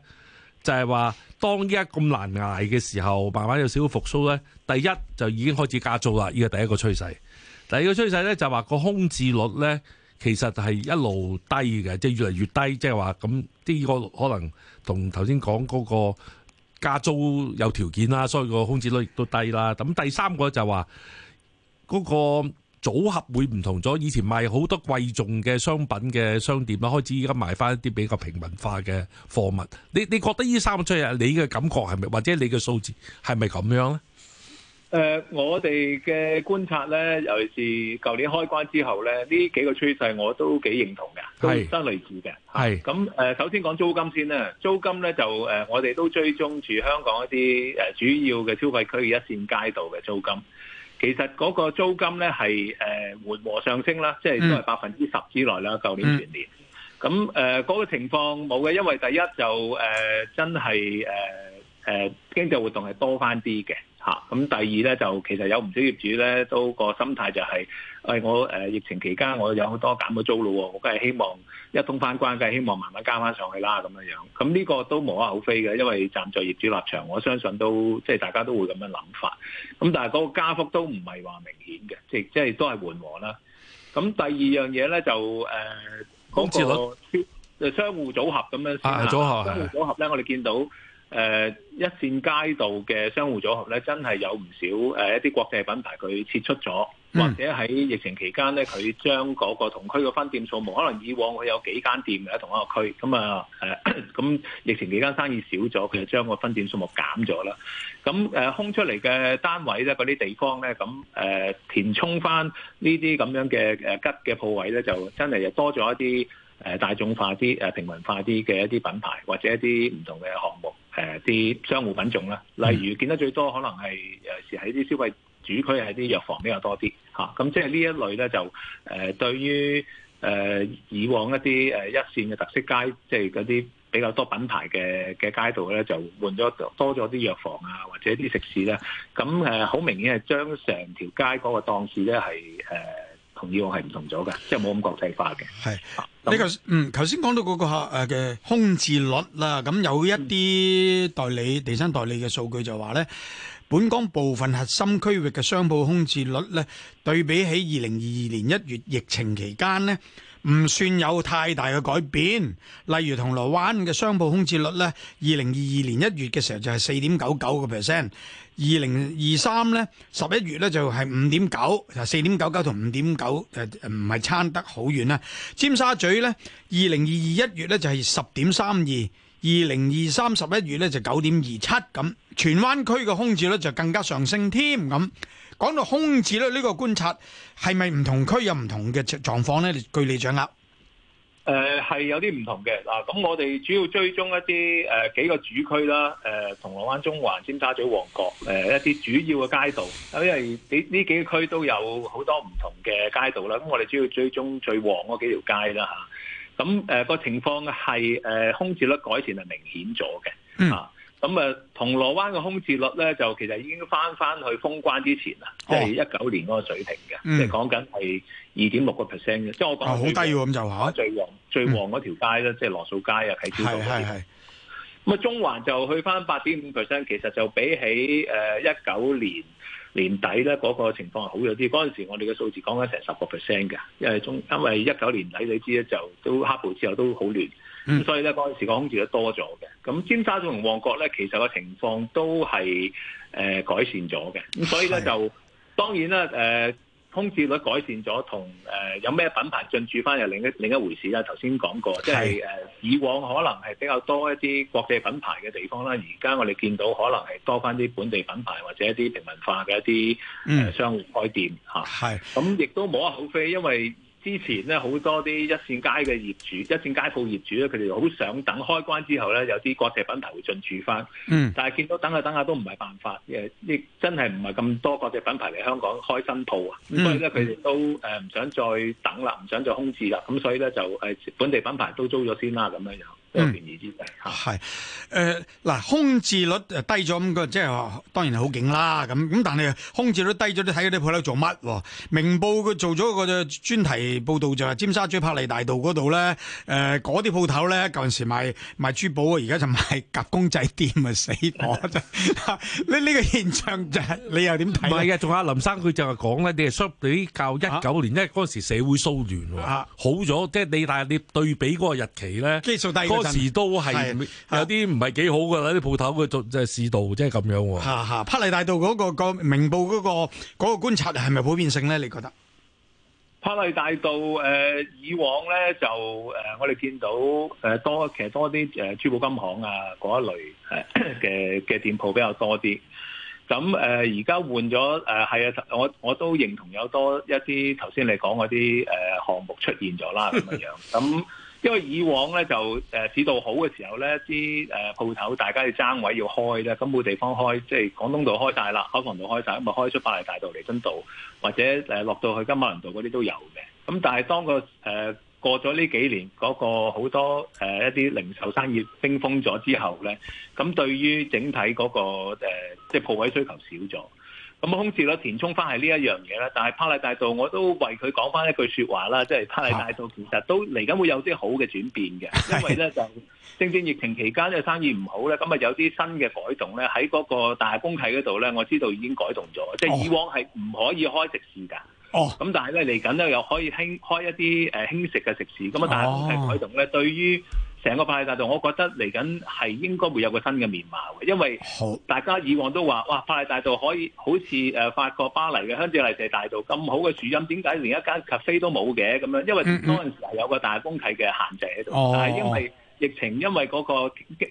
Speaker 2: 就係話，當依家咁難捱嘅時候，慢慢有少少復蘇呢。第一就已經開始加租啦。呢個第一個趨勢，第二個趨勢呢，就係話個空置率呢。其實係一路低嘅，即係越嚟越低，即係話，咁呢個可能同頭先講嗰個加租有條件啦，所以個空置率亦都低啦。咁第三個就話嗰個組合會唔同咗，以前賣好多貴重嘅商品嘅商店啦，開始而家賣翻一啲比較平民化嘅貨物。你你覺得呢三個出嚟，你嘅感覺係咪，或者你嘅數字係咪咁樣咧？
Speaker 5: 誒、呃，我哋嘅觀察咧，尤其是舊年開關之後咧，呢幾個趨勢我都幾認同嘅，都相類似嘅。係，咁誒、呃，首先講租金先啦。租金咧就誒、呃，我哋都追蹤住香港一啲誒、呃、主要嘅消費區一線街道嘅租金。其實嗰個租金咧係誒緩和上升啦，即係都係百分之十之內啦。舊年全年，咁誒嗰個情況冇嘅，因為第一就誒、呃、真係誒誒經濟活動係多翻啲嘅。咁第二咧就其實有唔少業主咧都個心態就係、是哎，我誒疫情期間我有好多減咗租咯，我梗係希望一通翻關，梗係希望慢慢加翻上去啦咁樣樣。咁呢個都無可厚非嘅，因為站在業主立場，我相信都即係大家都會咁樣諗法。咁但係嗰個加幅都唔係話明顯嘅，即係即係都係緩和啦。咁第二樣嘢咧就誒嗰、呃嗯嗰個商戶組合咁樣商戶、啊啊、組合咧，我哋見到誒。呃一線街道嘅商戶組合咧，真係有唔少誒一啲國際品牌佢撤出咗，或者喺疫情期間咧，佢將嗰個同區嘅分店數目，可能以往佢有幾間店嘅同一個區，咁啊誒，咁疫情期間生意少咗，佢就將個分店數目減咗啦。咁誒空出嚟嘅單位咧，嗰啲地方咧，咁誒、啊、填充翻、啊、呢啲咁樣嘅誒吉嘅鋪位咧，就真係又多咗一啲誒大眾化啲誒平民化啲嘅一啲品牌或者一啲唔同嘅項目。誒、啊、啲商戶品種啦，例如見得最多可能係有時喺啲消費主區係啲藥房比較多啲嚇，咁、啊、即係呢一類咧就誒對於誒以往一啲誒一線嘅特色街，即係嗰啲比較多品牌嘅嘅街道咧，就換咗多咗啲藥房啊，或者啲食肆咧，咁誒好明顯係將成條街嗰個檔次咧係誒。同以往
Speaker 1: 係唔同咗㗎，即係冇咁國際化嘅。係，呢個嗯頭先講到嗰個誒嘅空置率啦，咁有一啲代理、地產代理嘅數據就話呢，本港部分核心區域嘅商鋪空置率呢，對比起二零二二年一月疫情期間呢，唔算有太大嘅改變。例如銅鑼灣嘅商鋪空置率呢，二零二二年一月嘅時候就係四點九九個 percent。二零二三呢十一月呢就係五點九，四點九九同五點九誒唔係差得好遠啦。尖沙咀呢二零二二一月呢就係十點三二，二零二三十一月呢就九點二七咁，荃灣區嘅空置率就更加上升添咁。講到空置率呢個觀察係咪唔同區有唔同嘅狀況呢？據你掌握？
Speaker 5: 誒係有啲唔同嘅嗱，咁我哋主要追蹤一啲誒、呃、幾個主區啦，誒、呃、銅鑼灣、中環、尖沙咀、旺角，誒、呃、一啲主要嘅街道，因為呢呢幾個區都有好多唔同嘅街道啦，咁我哋主要追蹤最旺嗰幾條街啦嚇。咁誒個情況係誒、呃、空置率改善係明顯咗嘅，啊。嗯咁、嗯、啊，銅鑼灣嘅空置率咧，就其實已經返返去封關之前啦，即係一九年嗰個水平嘅、嗯就是嗯就是嗯嗯，即係講緊係二點六個 percent 嘅。即係我講好低喎，
Speaker 1: 咁就嚇最旺
Speaker 5: 最旺嗰條街咧，即係羅素街啊，係少咗啲。係係係。咁啊，中環就去返八點五 percent，其實就比起誒一九年年底咧嗰、那個情況係好咗啲。嗰陣時候我哋嘅數字講緊成十個 percent 嘅，因為中因為一九年底你知咧，就都黑暴之後都好亂。咁、嗯、所以咧嗰陣時個空置率多咗嘅，咁尖沙咀同旺角咧其實個情況都係誒、呃、改善咗嘅，咁所以咧就當然啦，誒、呃、空置率改善咗，同誒、呃、有咩品牌進駐翻又另一另一回事啦。頭先講過，即係以、呃、往可能係比較多一啲國際品牌嘅地方啦，而家我哋見到可能係多翻啲本地品牌或者一啲平民化嘅一啲誒、呃嗯、商戶開店吓，係咁亦、啊、都冇話口非，因為。之前咧好多啲一線街嘅業主、一線街鋪業主咧，佢哋好想等開關之後咧，有啲國際品牌會進駐翻。嗯，但係見到等下等下都唔係辦法，誒，真係唔係咁多國際品牌嚟香港開新鋪啊，咁所以咧佢哋都呃唔想再等啦，唔想再空置啦，咁所以咧就誒本地品牌都租咗先啦，咁樣又。
Speaker 1: 嗯，係，誒、呃、嗱，空置率低咗咁，個即係當然係好勁啦咁，咁但係空置率低咗，你睇嗰啲鋪頭做乜喎？明報佢做咗個專題報導，就係、是、尖沙咀柏麗大道嗰度咧，誒嗰啲鋪頭咧，舊陣時賣賣珠寶，而家就賣夾公仔店啊死火真，呢 呢、 這個現象就係、是、你又點睇？唔係仲阿林生佢就係講咧，你係相
Speaker 2: 比較一九年、啊，因為嗰時時社會騷亂喎、啊啊。好咗，即、就、係、是、你但係你對比嗰個日期咧，基數低。的時都係有啲唔係幾好噶啦，啲鋪頭嘅即係市道，
Speaker 1: 即係咁樣。哈哈，柏麗大道嗰、那個、那個明報嗰、那個嗰、那個、觀察係咪普遍性咧？你覺得
Speaker 5: 柏麗大道誒、呃、以往咧就誒、呃、我哋見到誒、呃、多其實多啲誒珠寶金行啊嗰一類嘅嘅 店鋪比較多啲。咁誒而家換咗誒係啊，我我都認同有多一啲頭先你講嗰啲誒項目出現咗啦咁樣。咁 因為以往咧就誒市、呃、道好嘅時候咧，啲誒、呃、鋪頭大家要爭位要開咧，咁冇地方開，即係廣東道開晒啦，海防道開晒，咁咪開出柏麗大道、彌敦道，或者、呃、落到去金馬倫道嗰啲都有嘅。咁但係當個誒、呃、過咗呢幾年嗰、那個好多誒、呃、一啲零售生意冰封咗之後咧，咁對於整體嗰、那個、呃、即係鋪位需求少咗。咁空置填充翻係呢一樣嘢啦。但係柏麗大道我都為佢講翻一句說話啦，即係柏麗大道其實都嚟緊會有啲好嘅轉變嘅，因為咧就正正疫情期間咧生意唔好咧，咁啊有啲新嘅改動咧喺嗰個大公體嗰度咧，我知道已經改動咗，即係以往係唔可以開食肆㗎。哦、oh. oh.，咁但係咧嚟緊咧又可以開一啲、啊、輕食嘅食肆。咁啊大公體改動咧對於成個柏麗大道，我覺得嚟緊係應該會有個新嘅面貌嘅，因為大家以往都話，哇，柏麗大道可以好似誒法國巴黎嘅香榭麗舍大道咁好嘅樹蔭，點解連一間 cafe 都冇嘅咁樣？因為嗰陣時係有個大公契嘅限制喺度、嗯嗯，但係因為疫情，因為嗰個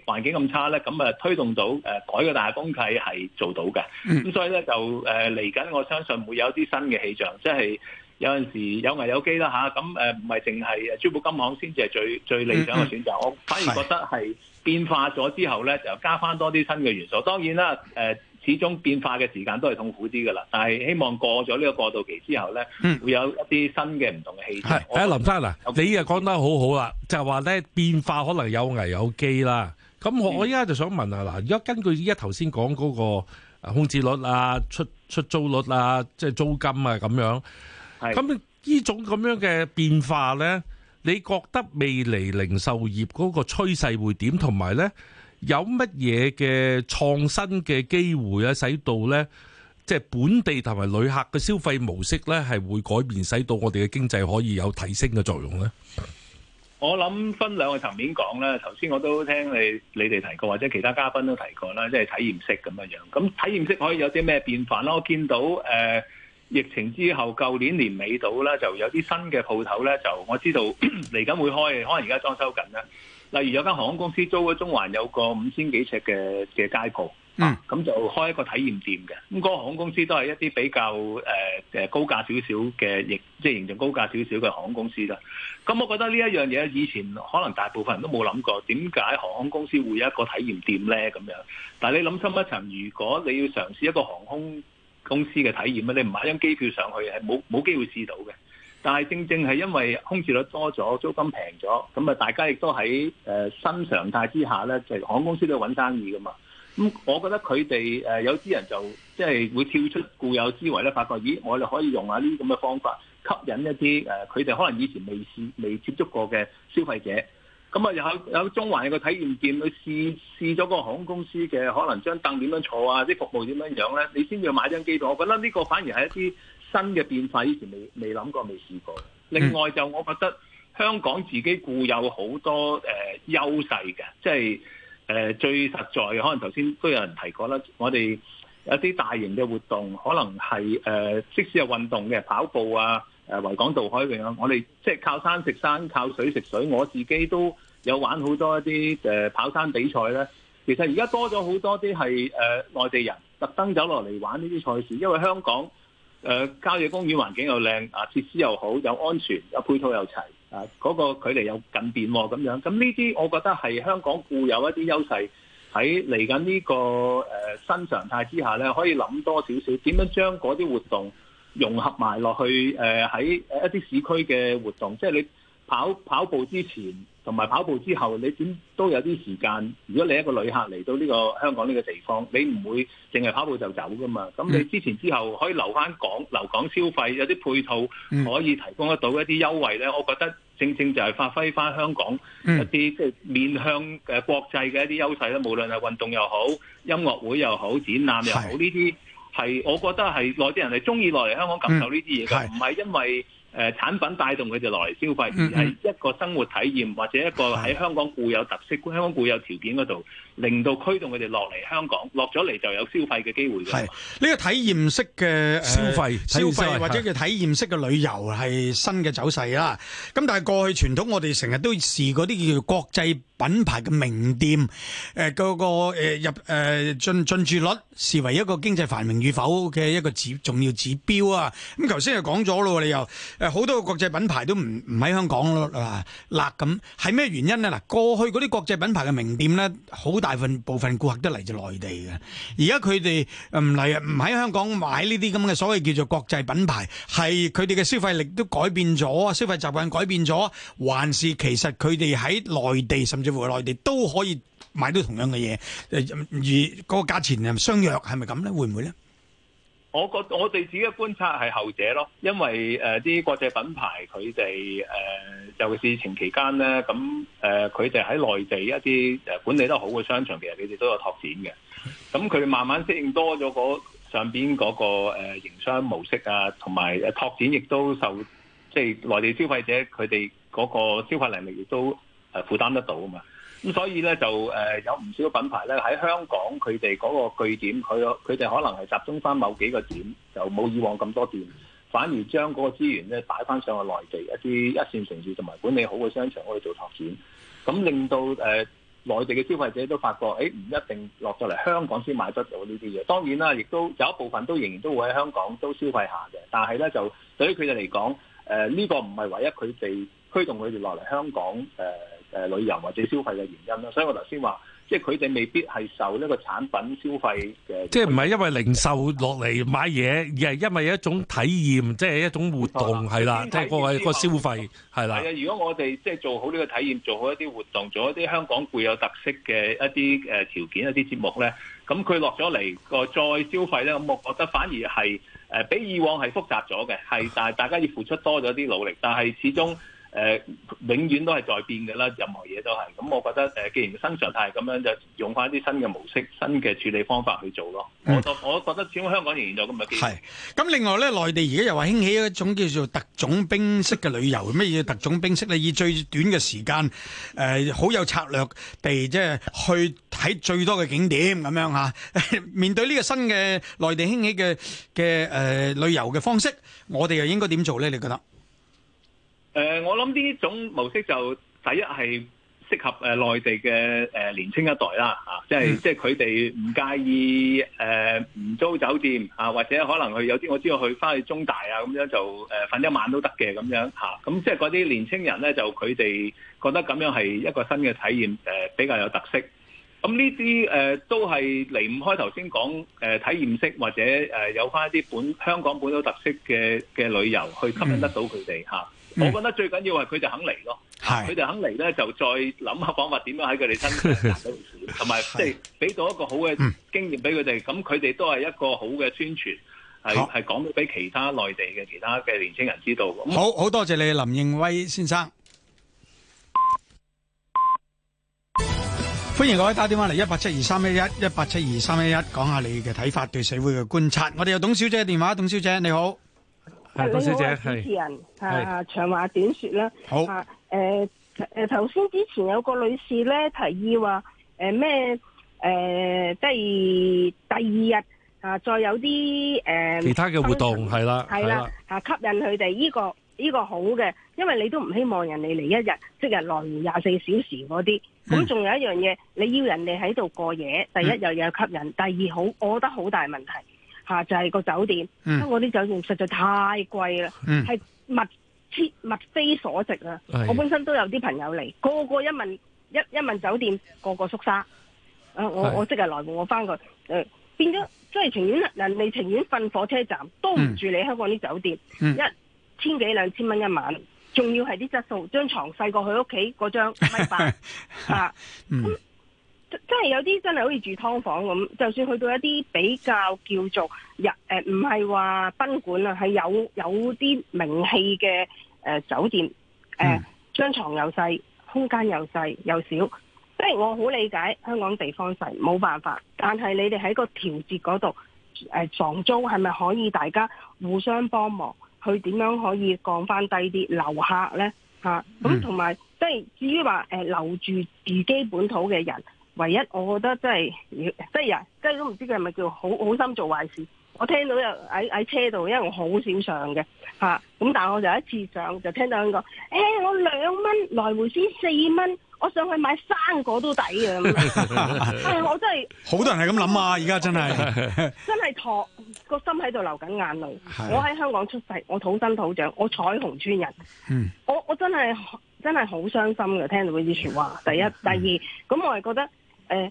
Speaker 5: 環境咁差咧，咁啊推動到誒改個大公契係做到嘅，咁、嗯、所以咧就誒嚟緊，呃、我相信會有啲新嘅氣象，即係。有陣時有危有機啦嚇，咁誒唔係淨係珠寶金行先至係最最理想嘅選擇、嗯嗯。我反而覺得係變化咗之後咧，就加翻多啲新嘅元素。當然啦，誒、呃、始終變化嘅時間都係痛苦啲噶啦。但係希望過咗呢個過渡期之後咧、嗯，會有一啲新嘅唔同嘅
Speaker 2: 氣質。誒、嗯、林生啊，你又講得好好啦，就係話咧變化可能有危有機啦。咁我我依家就想問下嗱，如、嗯、果根據依家頭先講嗰個空置率啊、出出租率啊、即係租金啊咁樣。咁呢種咁樣嘅變化呢，你覺得未來零售業嗰個趨勢會點？同埋呢，有乜嘢嘅創新嘅機會啊，使到呢即係本地同埋旅客嘅消費模式呢，係會改變，使到我哋嘅經濟可以有提升嘅作用呢？
Speaker 5: 我諗分兩個層面講呢。頭先我都聽你你哋提過，或者其他嘉賓都提過啦，即係體驗式咁樣樣。咁體驗式可以有啲咩變化囉？我見到誒。疫情之後，舊年年尾到咧，就有啲新嘅鋪頭咧，就我知道嚟緊 會開，可能而家裝修緊啦。例如有間航空公司租咗中環有個五千幾尺嘅嘅街鋪，啊、嗯，咁就開一個體驗店嘅。咁、那、嗰個航空公司都係一啲比較誒誒、呃、高價少少嘅，亦即係形象高價少少嘅航空公司啦。咁我覺得呢一樣嘢，以前可能大部分人都冇諗過，點解航空公司會有一個體驗店咧？咁樣，但係你諗深一層，如果你要嘗試一個航空，公司嘅體驗啊，你唔買張機票上去係冇冇機會試到嘅。但係正正係因為空置率多咗，租金平咗，咁啊，大家亦都喺誒新常態之下咧，就係航空公司都揾生意噶嘛。咁我覺得佢哋誒有啲人就即係會跳出固有思維咧，發覺咦，我哋可以用下呢啲咁嘅方法吸引一啲誒佢哋可能以前未試未接觸過嘅消費者。咁啊，有有中環有個體驗店，去試試咗個航空公司嘅可能張凳點樣坐啊，啲服務點樣樣咧，你先至買張機票。我覺得呢個反而係一啲新嘅變化，以前未未諗過、未試過。另外就我覺得香港自己固有好多、呃、優勢嘅，即係、呃、最實在可能頭先都有人提過啦，我哋一啲大型嘅活動，可能係誒即使係運動嘅跑步啊。誒維港渡海泳啊！我哋即係靠山食山，靠水食水。我自己都有玩好多一啲誒跑山比賽咧。其實而家多咗好多啲係誒內地人特登走落嚟玩呢啲賽事，因為香港誒郊野公園環境又靚啊，設施又好，又安全，又配套又齊啊，嗰個距離又近便咁樣。咁呢啲我覺得係香港固有一啲優勢喺嚟緊呢個誒新常態之下咧，可以諗多少少點樣將嗰啲活動，融合埋落去，誒、呃、喺一啲市區嘅活動，即係你跑跑步之前同埋跑步之後，你點都有啲時間。如果你一個旅客嚟到呢、呢個香港呢個地方，你唔會淨係跑步就走噶嘛。咁你之前之後可以留翻港留港消費，有啲配套可以提供得到一啲優惠咧、嗯。我覺得正正就係發揮翻香港一啲即、嗯就係、面向誒國際嘅一啲優勢啦。無論係運動又好，音樂會又好，展覽又好呢啲。係，我覺得係內地人係中意落嚟香港感受呢啲嘢㗎，唔係因為誒、呃、產品帶動佢哋落嚟消費，而係一個生活體驗或者一個喺香港固有特色、香港固有條件嗰度。令到驅動佢哋落嚟香港，落咗嚟
Speaker 1: 就有消費嘅機會。係呢個體驗式嘅消費消費或者叫體驗式嘅旅遊係新嘅走勢啦。咁但係過去傳統我哋成日都視嗰啲叫做國際品牌嘅名店，誒、呃、個誒入誒進進駐率視為一個經濟繁榮與否嘅一個指重要指標啊。咁頭先就講咗咯，你又誒好多國際品牌都唔唔喺香港啦，嗱咁係咩原因咧？嗱，過去嗰啲國際品牌嘅名店咧，好。大部分部分顧客都嚟自內地嘅，而家佢哋唔嚟唔喺香港買呢啲咁嘅所謂叫做國際品牌，係佢哋嘅消費力都改變咗，消費習慣改變咗，還是其實佢哋喺內地甚至乎內地都可以買到同樣嘅嘢，而嗰個價錢係相若，係咪咁咧？會唔會咧？
Speaker 5: 我覺我哋自己嘅觀察係後者咯，因為誒啲、呃、國際品牌佢哋誒，尤其是疫情期間咧，咁誒佢哋喺內地一啲誒管理得好嘅商場，其實佢哋都有拓展嘅。咁佢慢慢適應多咗嗰、那個、上邊嗰、那個誒、呃、營商模式啊，同埋拓展亦都受即係內地消費者佢哋嗰個消費能力亦都誒、呃、負擔得到啊嘛。咁所以咧就誒有唔少品牌咧喺香港佢哋嗰個據點，佢佢哋可能係集中翻某幾個點，就冇以往咁多店，反而將嗰個資源咧擺翻上去內地一啲一線城市同埋管理好嘅商場去做拓展，咁令到誒內地嘅消費者都發覺誒、欸、唔一定落到嚟香港先買得到呢啲嘢。當然啦，亦都有一部分都仍然都會喺香港都消費下嘅，但係咧就對於佢哋嚟講誒呢個唔係唯一佢哋驅動佢哋落嚟香港誒。呃誒、呃、旅遊或者消費嘅原因啦，所以我頭先話，即係佢哋未必係受呢個產品消費
Speaker 2: 嘅，即係唔係因為零售落嚟買嘢，而係因為一種體驗，即係一種活動係啦，係啦，即係個個消費係啦。
Speaker 5: 係啊，如果我哋即係做好呢個體驗，做好一啲活動，做一啲香港具有特色嘅一啲誒條件一啲節目咧，咁佢落咗嚟個再消費咧，咁我覺得反而係誒、呃、比以往係複雜咗嘅，係但係大家要付出多咗啲努力，但係始終。誒、呃，永遠都係在變嘅啦，任何嘢都係。咁、嗯、我覺得誒，既然新常態係咁樣，就用翻一啲新嘅模式、新嘅處理方法去做咯、嗯。我我覺得，始終香港仍然有咁嘅機會。係
Speaker 1: 咁，另外咧，內地而家又話興起一種叫做特種兵式嘅旅遊，咩嘢特種兵式咧？以最短嘅時間，誒、呃，好有策略地即係去睇最多嘅景點咁樣嚇、啊。面對呢個新嘅內地興起嘅嘅、呃、旅遊嘅方式，我哋又應該點做咧？你覺得？
Speaker 5: 誒、呃，我諗呢種模式就第一係適合誒內地嘅誒年青一代啦，嚇、啊，即係即係佢哋唔介意誒唔、呃、租酒店啊，或者可能佢有啲我知道去返去中大啊咁樣就誒瞓、呃、一晚都得嘅咁樣嚇，咁即係嗰啲年青人咧就佢哋覺得咁樣係一個新嘅體驗，誒、呃、比較有特色。咁呢啲誒都係離唔開頭先講誒體驗式或者誒、呃、有返一啲本香港本土特色嘅嘅旅遊去吸引得到佢哋嚇。啊。嗯、我覺得最緊要係佢哋肯嚟咯，佢哋肯嚟咧，就再諗下方法點樣喺佢哋身上，同埋即係俾到一個好嘅經驗俾佢哋，咁佢哋都係一個好嘅宣傳，係係講到俾其他內地嘅其他嘅年輕人知道的。好好多
Speaker 1: 謝你，林應威先生。歡迎各位打電話嚟，172, 3, 1, 172, 3, 1, 一八七二三一一一八七二三一一，講下你嘅睇法對社會嘅觀察。我哋有董小姐嘅電話，董小姐你好。係，李小姐係主持
Speaker 6: 人，係、啊、長話短說啦。好，誒、啊、誒，頭、呃、先、呃、之前有個女士咧提議話，誒咩誒，即、呃、係第二日啊，再有啲誒、呃、其他嘅活動
Speaker 2: 係、啊、啦，係啦
Speaker 6: 吓、啊，吸引佢哋呢個呢、這個好嘅，因為你都唔希望人哋嚟一日即係來回廿四小時嗰啲，咁、嗯、仲有一樣嘢，你要人哋喺度過夜，第一、嗯、又有吸引，第二好，我覺得好大問題。啊！就係、是、個酒店，嗯、香港啲酒店實在太貴啦，係、嗯、物物非所值啦。我本身都有啲朋友嚟，個個一問一一問酒店，個個縮沙。呃、我是我即刻來我回我翻佢，誒、呃、變咗即係情願人哋情願瞓火車站，都唔住你香港啲酒店，嗯、一千幾兩千蚊一晚，仲要係啲質素，張床細過佢屋企嗰張米八、
Speaker 3: 啊。嗯
Speaker 6: 即係有啲真係好似住劏房咁，就算去到一啲比較叫做日誒，唔係話賓館啊，係有有啲名氣嘅誒、呃、酒店，誒、呃、張床又細，空間又細又少。即係我好理解香港地方細，冇辦法。但係你哋喺個調節嗰度誒，房、呃、租係咪可以大家互相幫忙，去點樣可以降翻低啲留客呢，嚇咁同埋即係至於話誒、呃、留住自己本土嘅人。唯一我覺得真係，即係呀，即係都唔知佢係咪叫好好心做壞事。我聽到又喺喺車度，因為我好少上嘅咁、啊、但我就一次上就聽到佢講：誒、欸、我兩蚊來回先四蚊，我上去買生果都抵啊！ 但係我真係
Speaker 1: 好多人係咁諗啊！而家真係
Speaker 6: 真係托個心喺度流緊眼淚。 我喺香港出世，我土生土長，我彩虹村人。嗯，我我真係真係好傷心嘅，聽到呢啲説話。第一，嗯、第二，咁我係覺得。誒，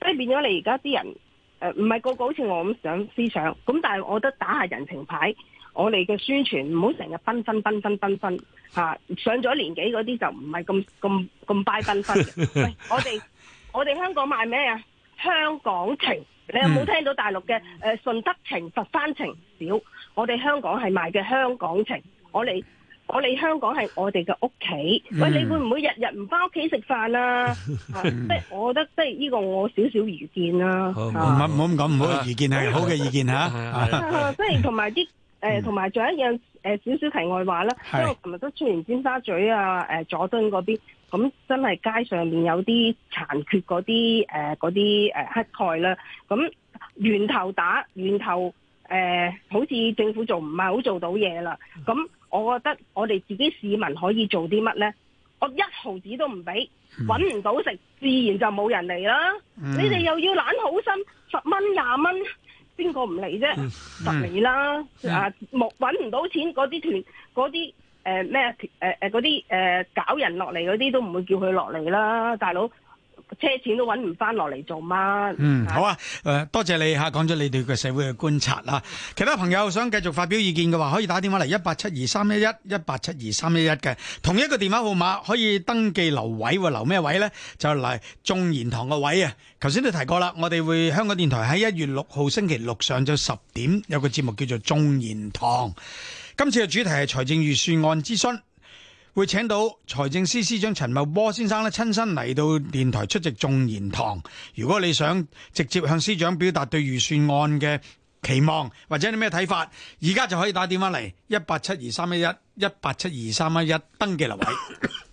Speaker 6: 即係變咗你而家啲人誒，唔係個個好似我咁想思想，咁但係我覺得打下人情牌，我哋嘅宣傳唔好成日繽紛繽紛繽紛吓，上咗年紀嗰啲就唔係咁咁咁拜繽紛嘅。喂，我哋我哋香港賣咩啊？香港情，你有冇聽到大陸嘅誒？順德情，佛山情少，我哋香港係賣嘅香港情，我哋。我哋香港係我哋嘅屋企，喂，你會唔會日日唔翻屋企食飯啊？即係我覺得，即係呢個我少少愚見啦。唔好唔好咁講，唔
Speaker 1: 好意見係好嘅意見嚇。啊，
Speaker 6: 即係同埋啲誒，同埋仲有一樣誒少少題外話啦。因為琴日都出完尖沙咀啊，誒佐敦嗰啲，咁真係街上面有啲殘缺嗰啲誒嗰啲誒乞丐啦。咁源頭打源頭誒，好似政府做唔係好做到嘢啦。咁我覺得我哋自己市民可以做啲乜呢？我一毫子都唔畀，搵唔到食，自然就冇人嚟啦。嗯、你哋又要懶好心，十蚊廿蚊，邊個唔嚟啫？實嚟啦！揾搵唔到錢，嗰啲團，嗰啲誒咩誒啲搞人落嚟嗰啲都唔會叫佢落嚟啦，大佬。車錢
Speaker 1: 都搵唔翻，落嚟做乜？嗯，好啊，誒、呃，多謝你吓，講咗你對個社會嘅觀察啦。其他朋友想繼續發表意見嘅話，可以打電話嚟一八七二三一一一八七二三一一嘅同一個電話號碼，可以登記留位喎，留咩位呢？就嚟中賢堂嘅位啊！頭先都提過啦，我哋會香港電台喺一月六號星期六上晝十點有個節目叫做中賢堂，今次嘅主題係財政預算案諮詢。會請到財政司司長陳茂波先生呢，親身嚟到電台出席眾言堂。如果你想直接向司長表達對預算案嘅期望或者有啲咩睇法，而家就可以打電話嚟一八七二三一一一八七二三一一登記留位。